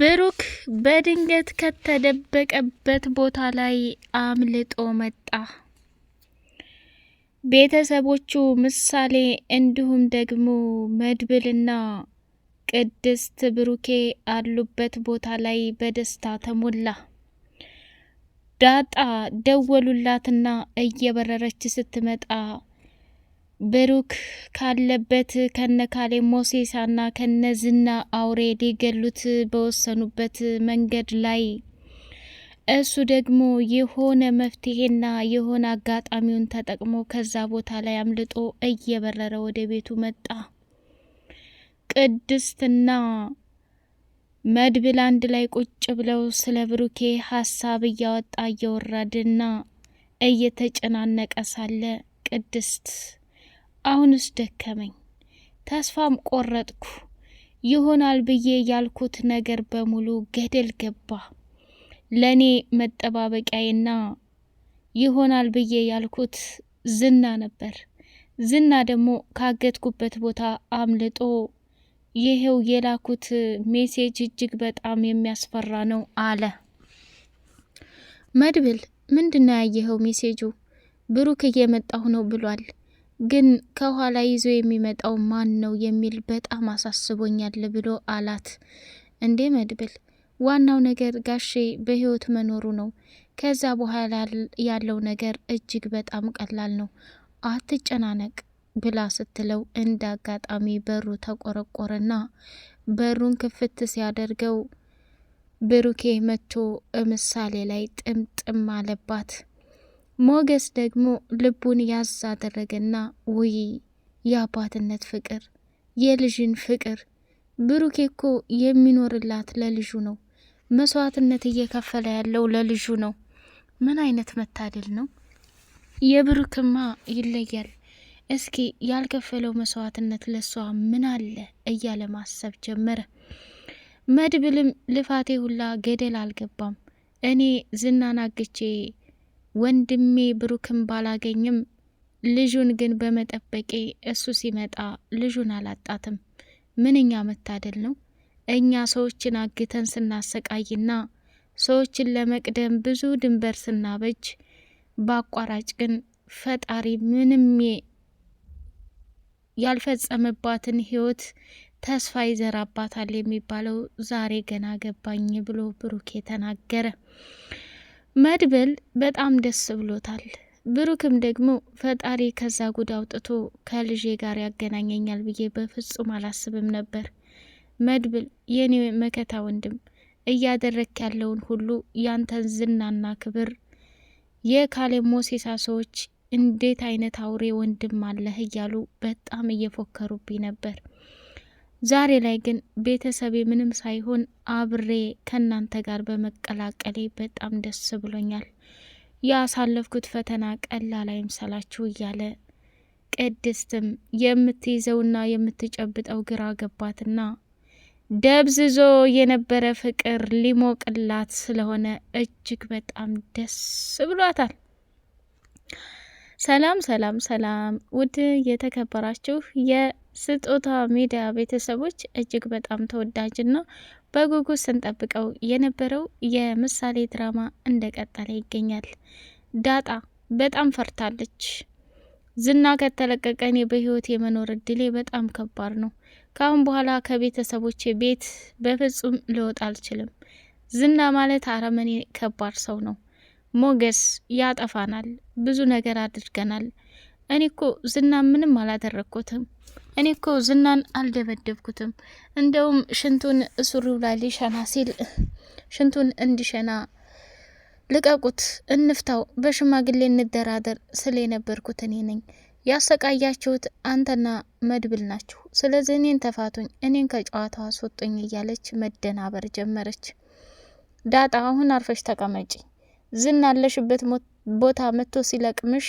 ብሩክ በድንገት ከተደበቀበት ቦታ ላይ አምልጦ መጣ። ቤተሰቦቹ ምሳሌ እንዲሁም ደግሞ መድብልና ቅድስት ብሩኬ አሉበት ቦታ ላይ በደስታ ተሞላ። ዳጣ ደወሉላትና እየበረረች ስትመጣ ብሩክ ካለበት ከነ ካሌ ሞሴሳና ከነ ዝና አውሬ ሊገሉት በወሰኑበት መንገድ ላይ እሱ ደግሞ የሆነ መፍትሄና የሆነ አጋጣሚውን ተጠቅሞ ከዛ ቦታ ላይ አምልጦ እየበረረ ወደ ቤቱ መጣ። ቅድስትና መድብል አንድ ላይ ቁጭ ብለው ስለ ብሩኬ ሀሳብ እያወጣ እየወረደና እየተጨናነቀ ሳለ ቅድስት አሁንስ ደከመኝ፣ ተስፋም ቆረጥኩ። ይሆናል ብዬ ያልኩት ነገር በሙሉ ገደል ገባ። ለእኔ መጠባበቂያዬና ይሆናል ብዬ ያልኩት ዝና ነበር። ዝና ደግሞ ካገትኩበት ቦታ አምልጦ ይሄው የላኩት ሜሴጅ እጅግ በጣም የሚያስፈራ ነው አለ መድብል። ምንድን ነው ያየኸው? ሜሴጁ ብሩክ እየመጣሁ ነው ብሏል። ግን ከኋላ ይዞ የሚመጣው ማን ነው የሚል በጣም አሳስቦኛል ብሎ አላት። እንዴ መድብል፣ ዋናው ነገር ጋሼ በህይወት መኖሩ ነው። ከዛ በኋላ ያለው ነገር እጅግ በጣም ቀላል ነው፣ አትጨናነቅ ብላ ስትለው እንደ አጋጣሚ በሩ ተቆረቆረና በሩን ክፍት ሲያደርገው ብሩኬ መጥቶ ምሳሌ ላይ ጥምጥም አለባት። ሞገስ ደግሞ ልቡን ያዝ አደረገና ውይ የአባትነት ፍቅር፣ የልጅን ፍቅር። ብሩኬ እኮ የሚኖርላት ለልጁ ነው። መስዋዕትነት እየከፈለ ያለው ለልጁ ነው። ምን አይነት መታደል ነው! የብሩክማ ይለያል። እስኪ ያልከፈለው መስዋዕትነት ለሷ ምን አለ እያለ ማሰብ ጀመረ። መድብልም ልፋቴ ሁላ ገደል አልገባም፣ እኔ ዝናናግቼ! ወንድሜ ብሩክን ባላገኝም ልጁን ግን በመጠበቄ እሱ ሲመጣ ልጁን አላጣትም። ምንኛ መታደል ነው! እኛ ሰዎችን አግተን ስናሰቃይና ሰዎችን ለመቅደም ብዙ ድንበር ስናበጅ፣ በአቋራጭ ግን ፈጣሪ ምንም ያልፈጸመባትን ህይወት ተስፋ ይዘራባታል የሚባለው ዛሬ ገና ገባኝ ብሎ ብሩኬ ተናገረ። መድብል በጣም ደስ ብሎታል። ብሩክም ደግሞ ፈጣሪ ከዛ ጉድ አውጥቶ ከልጄ ጋር ያገናኘኛል ብዬ በፍጹም አላስብም ነበር። መድብል የኔ መከታ ወንድም እያደረክ ያለውን ሁሉ ያንተን ዝናና ክብር የካሌ ሞሴሳ ሰዎች እንዴት አይነት አውሬ ወንድም አለህ እያሉ በጣም እየፎከሩብኝ ነበር። ዛሬ ላይ ግን ቤተሰቤ ምንም ሳይሆን አብሬ ከእናንተ ጋር በመቀላቀሌ በጣም ደስ ብሎኛል። ያሳለፍኩት ፈተና ቀላል አይምሰላችሁ እያለ ቅድስትም የምትይዘውና የምትጨብጠው ግራ ገባትና ደብዝዞ የነበረ ፍቅር ሊሞቅላት ስለሆነ እጅግ በጣም ደስ ብሏታል። ሰላም ሰላም ሰላም! ውድ የተከበራችሁ የ ስጦታ ሚዲያ ቤተሰቦች እጅግ በጣም ተወዳጅና በጉጉት ስንጠብቀው የነበረው የምሳሌ ድራማ እንደቀጠለ ይገኛል። ዳጣ በጣም ፈርታለች። ዝና ከተለቀቀ እኔ በህይወት የመኖር እድሌ በጣም ከባድ ነው። ከአሁን በኋላ ከቤተሰቦቼ ቤት በፍጹም ልወጣ አልችልም። ዝና ማለት አረመኔ ከባድ ሰው ነው። ሞገስ ያጠፋናል፣ ብዙ ነገር አድርገናል። እኔ እኮ ዝና ምንም አላደረግኩትም እኔ እኮ ዝናን አልደበደብኩትም። እንደውም ሽንቱን ሱሪው ላይ ሊሸና ሲል ሽንቱን እንዲሸና ልቀቁት፣ እንፍታው፣ በሽማግሌ እንደራደር ስል የነበርኩት እኔ ነኝ። ያሰቃያችሁት አንተና መድብል ናችሁ። ስለዚህ እኔን ተፋቱኝ፣ እኔን ከጨዋታ አስወጡኝ እያለች መደናበር ጀመረች። ዳጣ አሁን አርፈሽ ተቀመጪ፣ ዝና ቦታ መጥቶ ሲለቅምሽ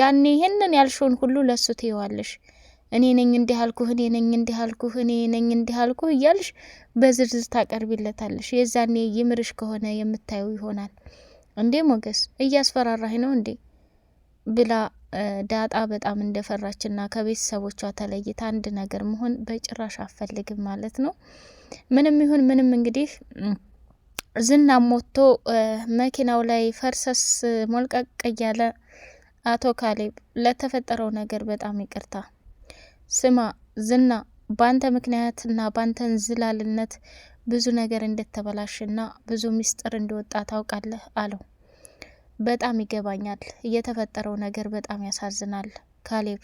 ያኔ ይህንን ያልሽውን ሁሉ ለሱ ትይዋለሽ። እኔ ነኝ እንዲህ አልኩህ፣ እኔ ነኝ እንዲህ አልኩህ፣ እኔ ነኝ እንዲህ አልኩህ እያልሽ በዝርዝር ታቀርቢለታለሽ። የዛኔ ይምርሽ ከሆነ የምታየው ይሆናል። እንዴ ሞገስ እያስፈራራህ ነው እንዴ ብላ ዳጣ በጣም እንደፈራችና ከቤተሰቦቿ ተለይታ አንድ ነገር መሆን በጭራሽ አፈልግም ማለት ነው። ምንም ይሁን ምንም እንግዲህ ዝና ሞቶ መኪናው ላይ ፈርሰስ ሞልቀቅ እያለ አቶ ካሌብ ለተፈጠረው ነገር በጣም ይቅርታ ስማ ዝና፣ ባንተ ምክንያትና ባንተ ዝላልነት ብዙ ነገር እንደተበላሽና ብዙ ሚስጥር እንደወጣ ታውቃለህ አለው። በጣም ይገባኛል። የተፈጠረው ነገር በጣም ያሳዝናል ካሌብ።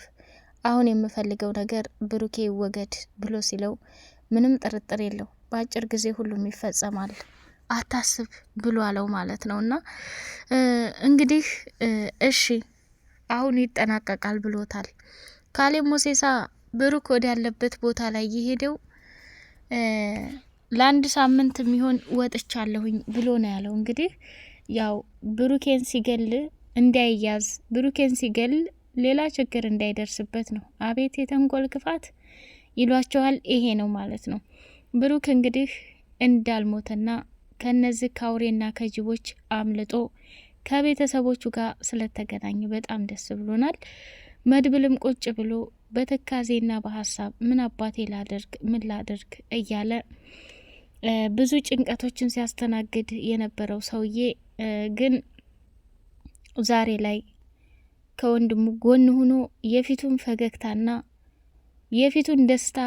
አሁን የምፈልገው ነገር ብሩኬ ይወገድ ብሎ ሲለው ምንም ጥርጥር የለው በአጭር ጊዜ ሁሉም ይፈጸማል አታስብ ብሎ አለው ማለት ነው። እና እንግዲህ እሺ አሁን ይጠናቀቃል ብሎታል ካሌብ ሞሴሳ ብሩክ ወደ ያለበት ቦታ ላይ የሄደው ለአንድ ሳምንት የሚሆን ወጥቻለሁኝ ብሎ ነው ያለው። እንግዲህ ያው ብሩኬን ሲገል እንዳይያዝ ብሩኬን ሲገል ሌላ ችግር እንዳይደርስበት ነው። አቤት የተንኮል ክፋት ይሏቸዋል። ይሄ ነው ማለት ነው። ብሩክ እንግዲህ እንዳልሞተና ከነዚህ ካውሬና ከጅቦች አምልጦ ከቤተሰቦቹ ጋር ስለተገናኘ በጣም ደስ ብሎናል። መድብልም ቁጭ ብሎ በትካዜና በሀሳብ ምን አባቴ ላድርግ ምን ላድርግ እያለ ብዙ ጭንቀቶችን ሲያስተናግድ የነበረው ሰውዬ ግን ዛሬ ላይ ከወንድሙ ጎን ሆኖ የፊቱን ፈገግታና የፊቱን ደስታ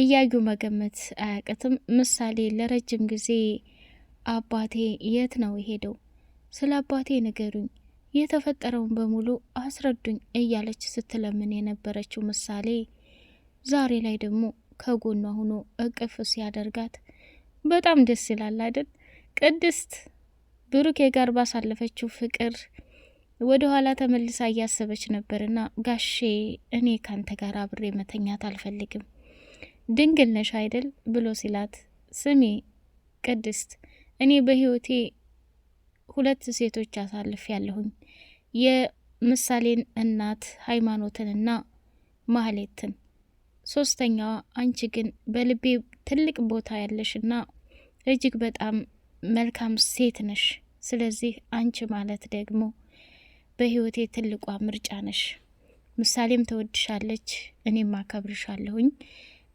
እያዩ መገመት አያቅትም። ምሳሌ ለረጅም ጊዜ አባቴ የት ነው የሄደው? ስለ አባቴ ንገሩኝ የተፈጠረውን በሙሉ አስረዱኝ እያለች ስትለምን የነበረችው ምሳሌ ዛሬ ላይ ደግሞ ከጎኗ ሆኖ እቅፍ ሲያደርጋት በጣም ደስ ይላል አይደል? ቅድስት ብሩኬ ጋር ባሳለፈችው ፍቅር ወደ ኋላ ተመልሳ እያሰበች ነበርና ጋሼ እኔ ካንተ ጋር አብሬ መተኛት አልፈልግም ድንግል ነሽ አይደል ብሎ ሲላት፣ ስሜ ቅድስት እኔ በህይወቴ ሁለት ሴቶች አሳልፍ ያለሁኝ የምሳሌን እናት ሃይማኖትንና ማህሌትን፣ ሶስተኛዋ አንቺ ግን በልቤ ትልቅ ቦታ ያለሽና እጅግ በጣም መልካም ሴት ነሽ። ስለዚህ አንቺ ማለት ደግሞ በህይወቴ ትልቋ ምርጫ ነሽ። ምሳሌም ተወድሻለች፣ እኔም አከብርሻለሁኝ።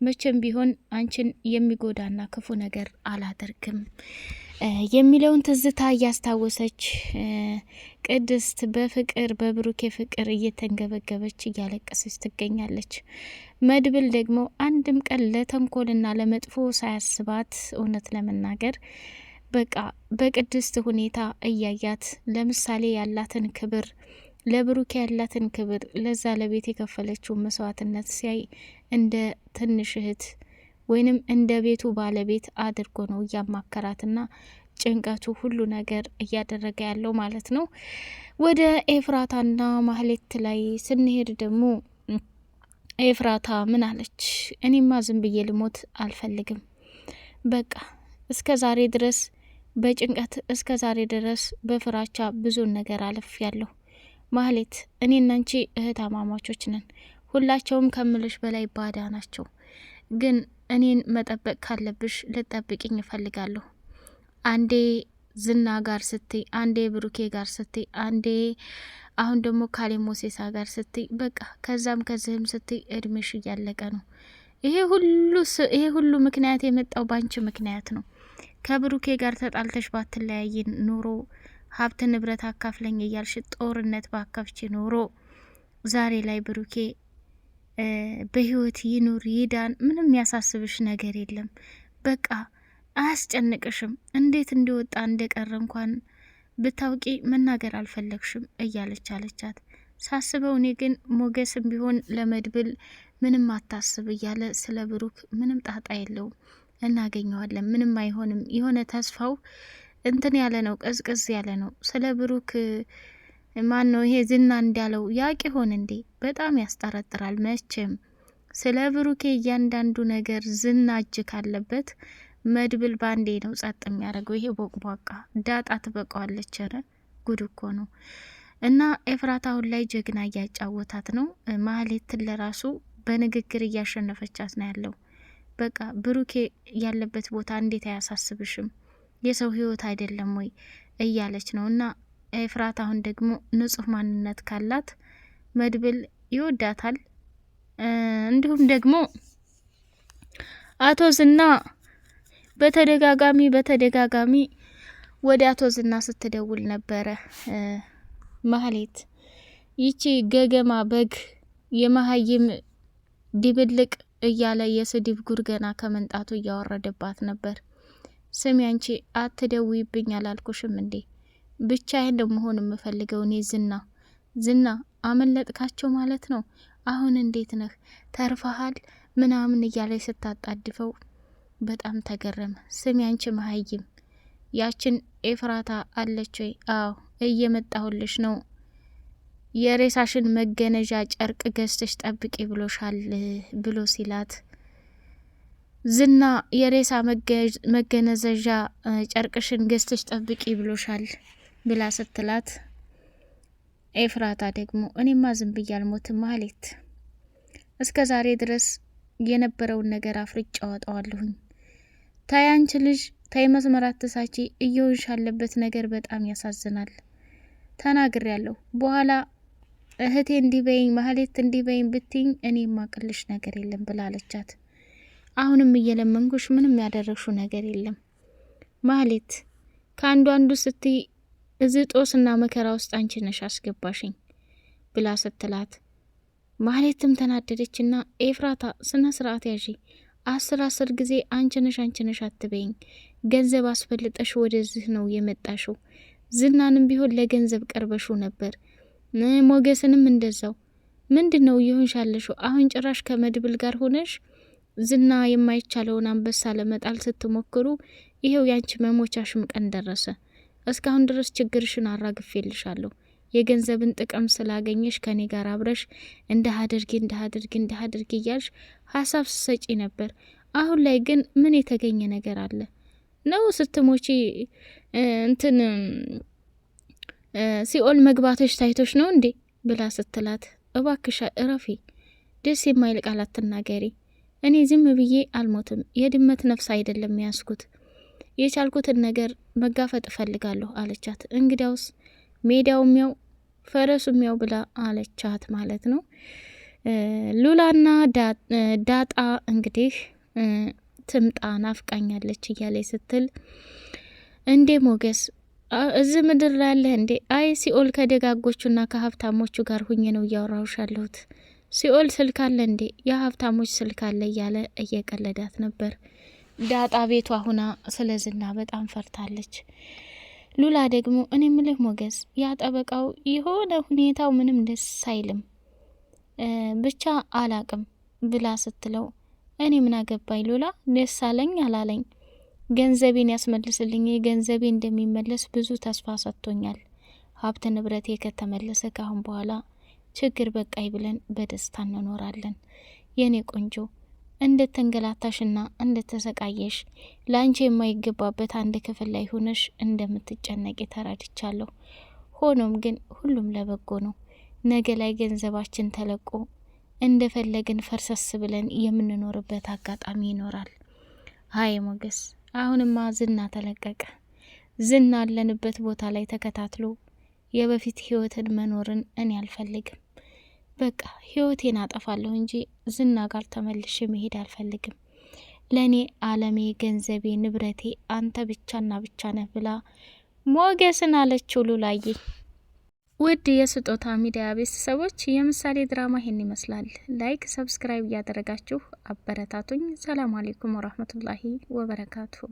መቼም ቢሆን አንቺን የሚጎዳና ክፉ ነገር አላደርግም። የሚለውን ትዝታ እያስታወሰች ቅድስት በፍቅር በብሩኬ ፍቅር እየተንገበገበች እያለቀሰች ትገኛለች። መድብል ደግሞ አንድም ቀን ለተንኮልና ለመጥፎ ሳያስባት እውነት ለመናገር በቃ በቅድስት ሁኔታ እያያት ለምሳሌ ያላትን ክብር ለብሩኬ ያላትን ክብር ለዛ ለቤት የከፈለችውን መስዋዕትነት ሲያይ እንደ ትንሽ እህት ወይንም እንደ ቤቱ ባለቤት አድርጎ ነው እያማከራትና ጭንቀቱ ሁሉ ነገር እያደረገ ያለው ማለት ነው። ወደ ኤፍራታና ማህሌት ላይ ስንሄድ ደግሞ ኤፍራታ ምን አለች? እኔማ ዝም ብዬ ልሞት አልፈልግም። በቃ እስከ ዛሬ ድረስ በጭንቀት እስከ ዛሬ ድረስ በፍራቻ ብዙን ነገር አለፍ ያለሁ ማህሌት፣ እኔና አንቺ እህት አማማቾች ነን። ሁላቸውም ከምልሽ በላይ ባዳ ናቸው ግን እኔን መጠበቅ ካለብሽ ልጠብቅኝ እፈልጋለሁ። አንዴ ዝና ጋር ስትይ፣ አንዴ ብሩኬ ጋር ስትይ፣ አንዴ አሁን ደግሞ ካሌ ሞሴሳ ጋር ስትይ፣ በቃ ከዛም ከዚህም ስትይ እድሜሽ እያለቀ ነው። ይሄ ሁሉ ይሄ ሁሉ ምክንያት የመጣው ባንቺ ምክንያት ነው። ከብሩኬ ጋር ተጣልተሽ ባትለያይ ኑሮ ሀብት ንብረት አካፍለኝ እያልሽ ጦርነት ባካፍች ኑሮ ዛሬ ላይ ብሩኬ በህይወት ይኑር ይዳን፣ ምንም ያሳስብሽ ነገር የለም። በቃ አያስጨንቅሽም። እንዴት እንደወጣ እንደቀረ እንኳን ብታውቂ መናገር አልፈለግሽም እያለች አለቻት። ሳስበው እኔ ግን ሞገስም ቢሆን ለመድብል ምንም አታስብ እያለ ስለ ብሩክ ምንም ጣጣ የለውም፣ እናገኘዋለን፣ ምንም አይሆንም። የሆነ ተስፋው እንትን ያለ ነው፣ ቀዝቀዝ ያለ ነው። ስለ ብሩክ ማን ነው ይሄ ዝና እንዳለው ያቅ ይሆን እንዴ? በጣም ያስጠረጥራል። መቼም ስለ ብሩኬ እያንዳንዱ ነገር ዝና እጅ ካለበት መድብል ባንዴ ነው ጸጥ የሚያደርገው። ይሄ ቦቅቧቃ ዳጣ ትበቀዋለች። ኧረ ጉድ እኮ ነው። እና ኤፍራት አሁን ላይ ጀግና እያጫወታት ነው። ማህሌት ለራሱ በንግግር እያሸነፈቻት ነው ያለው። በቃ ብሩኬ ያለበት ቦታ እንዴት አያሳስብሽም? የሰው ህይወት አይደለም ወይ እያለች ነው እና ኤፍራት አሁን ደግሞ ንጹህ ማንነት ካላት መድብል ይወዳታል። እንዲሁም ደግሞ አቶ ዝና በተደጋጋሚ በተደጋጋሚ ወደ አቶ ዝና ስትደውል ነበረ ማህሌት። ይቺ ገገማ በግ የመሀይም ድብልቅ እያለ የስድብ ጉርገና ከመንጣቱ እያወረደባት ነበር። ስሚ አንቺ አትደውይብኝ አላልኩሽም እንዴ? ብቻዬን ነው መሆን የምፈልገው እኔ ዝና ዝና አመለጥካቸው ማለት ነው። አሁን እንዴት ነህ ተርፈሃል ምናምን እያለ ስታጣድፈው በጣም ተገረመ። ስሚ አንቺ መሀይም ያችን ኤፍራታ አለች ወይ? አዎ እየመጣሁልሽ ነው። የሬሳሽን መገነዣ ጨርቅ ገዝተሽ ጠብቂ ብሎሻል ብሎ ሲላት ዝና የሬሳ መገነዘዣ ጨርቅሽን ገዝተሽ ጠብቂ ብሎሻል ብላ ስትላት ኤፍራታ ደግሞ እኔማ ዝም ብዬ አልሞትም ማህሌት፣ እስከ ዛሬ ድረስ የነበረውን ነገር አፍርጫ አወጣዋለሁኝ። ታይ አንቺ ልጅ ታይ መስመር አትሳቺ፣ እየውሽ ያለበት ነገር በጣም ያሳዝናል። ተናግሬ ያለሁ በኋላ እህቴ እንዲህ በይኝ ማህሌት እንዲህ በይኝ ብትኝ እኔ የማቅልሽ ነገር የለም ብላለቻት አሁንም እየለመንኩሽ ምንም ያደረግሹ ነገር የለም ማህሌት ከአንዱ አንዱ ስትይ እዚህ ጦስና መከራ ውስጥ አንቺ ነሽ አስገባሽኝ ብላ ስትላት ማህሌትም ተናደደችና ኤፍራታ ስነ ስርዓት ያዥ አስር አስር ጊዜ አንችነሽ አንችነሽ አትበይኝ። ገንዘብ አስፈልጠሽ ወደዚህ ነው የመጣሽው። ዝናንም ቢሆን ለገንዘብ ቀርበሽው ነበር፣ ሞገስንም እንደዛው። ምንድን ነው ይሁንሽ አሁን ጭራሽ ከመድብል ጋር ሆነሽ ዝና የማይቻለውን አንበሳ ለመጣል ስትሞክሩ ይኸው ያንቺ መሞቻሽም ቀን ደረሰ። እስካሁን ድረስ ችግርሽን አራግፌልሻለሁ። የገንዘብን ጥቅም ስላገኘሽ ከኔ ጋር አብረሽ እንዲህ አድርጊ እንዲህ አድርጊ እንዲህ አድርጊ እያልሽ ሀሳብ ስሰጪ ነበር። አሁን ላይ ግን ምን የተገኘ ነገር አለ ነው? ስትሞቺ እንትን ሲኦል መግባቶች ታይቶች ነው እንዴ ብላ ስትላት፣ እባክሻ እረፊ፣ ደስ የማይል ቃላት አትናገሪ። እኔ ዝም ብዬ አልሞትም። የድመት ነፍስ አይደለም ያስኩት የቻልኩትን ነገር መጋፈጥ እፈልጋለሁ አለቻት። እንግዲያውስ ሜዳው ሚያው ፈረሱ ሚያው ብላ አለቻት ማለት ነው። ሉላና ዳጣ እንግዲህ ትምጣ ናፍቃኛለች እያለ ስትል እንዴ ሞገስ እዚህ ምድር ላይ ያለህ እንዴ? አይ ሲኦል ከደጋጎቹና ከሀብታሞቹ ጋር ሁኜ ነው እያወራሁሽ ያለሁት። ሲኦል ስልክ አለ እንዴ? የሀብታሞች ስልክ አለ እያለ እየቀለዳት ነበር። ዳጣ ቤቷ ሁና ስለ ዝና በጣም ፈርታለች። ሉላ ደግሞ እኔ ምልህ ሞገስ፣ ያ ጠበቃው የሆነ ሁኔታው ምንም ደስ አይልም ብቻ አላቅም ብላ ስትለው እኔ ምን አገባኝ ሉላ፣ ደስ አለኝ አላለኝ ገንዘቤን ያስመልስልኝ። ገንዘቤ እንደሚመለስ ብዙ ተስፋ ሰጥቶኛል። ሀብት ንብረቴ ከተመለሰ ካሁን በኋላ ችግር በቃይ ብለን በደስታ እንኖራለን የኔ ቆንጆ እንደተንገላታሽና እንደተሰቃየሽ ለአንቺ የማይገባበት አንድ ክፍል ላይ ሆነሽ እንደምትጨነቂ ተረድቻለሁ። ሆኖም ግን ሁሉም ለበጎ ነው። ነገ ላይ ገንዘባችን ተለቆ እንደፈለግን ፈርሰስ ብለን የምንኖርበት አጋጣሚ ይኖራል። ሀይ ሞገስ፣ አሁንማ ዝና ተለቀቀ። ዝና አለንበት ቦታ ላይ ተከታትሎ የበፊት ህይወትን መኖርን እኔ አልፈልግም። በቃ ህይወቴን አጠፋለሁ እንጂ ዝና ጋር ተመልሼ መሄድ አልፈልግም። ለእኔ አለሜ፣ ገንዘቤ፣ ንብረቴ አንተ ብቻና ብቻ ነህ ብላ ሞገስን አለችው ሉላዬ። ውድ የስጦታ ሚዲያ ቤተሰቦች የምሳሌ ድራማ ይህን ይመስላል። ላይክ፣ ሰብስክራይብ እያደረጋችሁ አበረታቱኝ። ሰላም አሌይኩም ወራህመቱላሂ ወበረካቱሁ።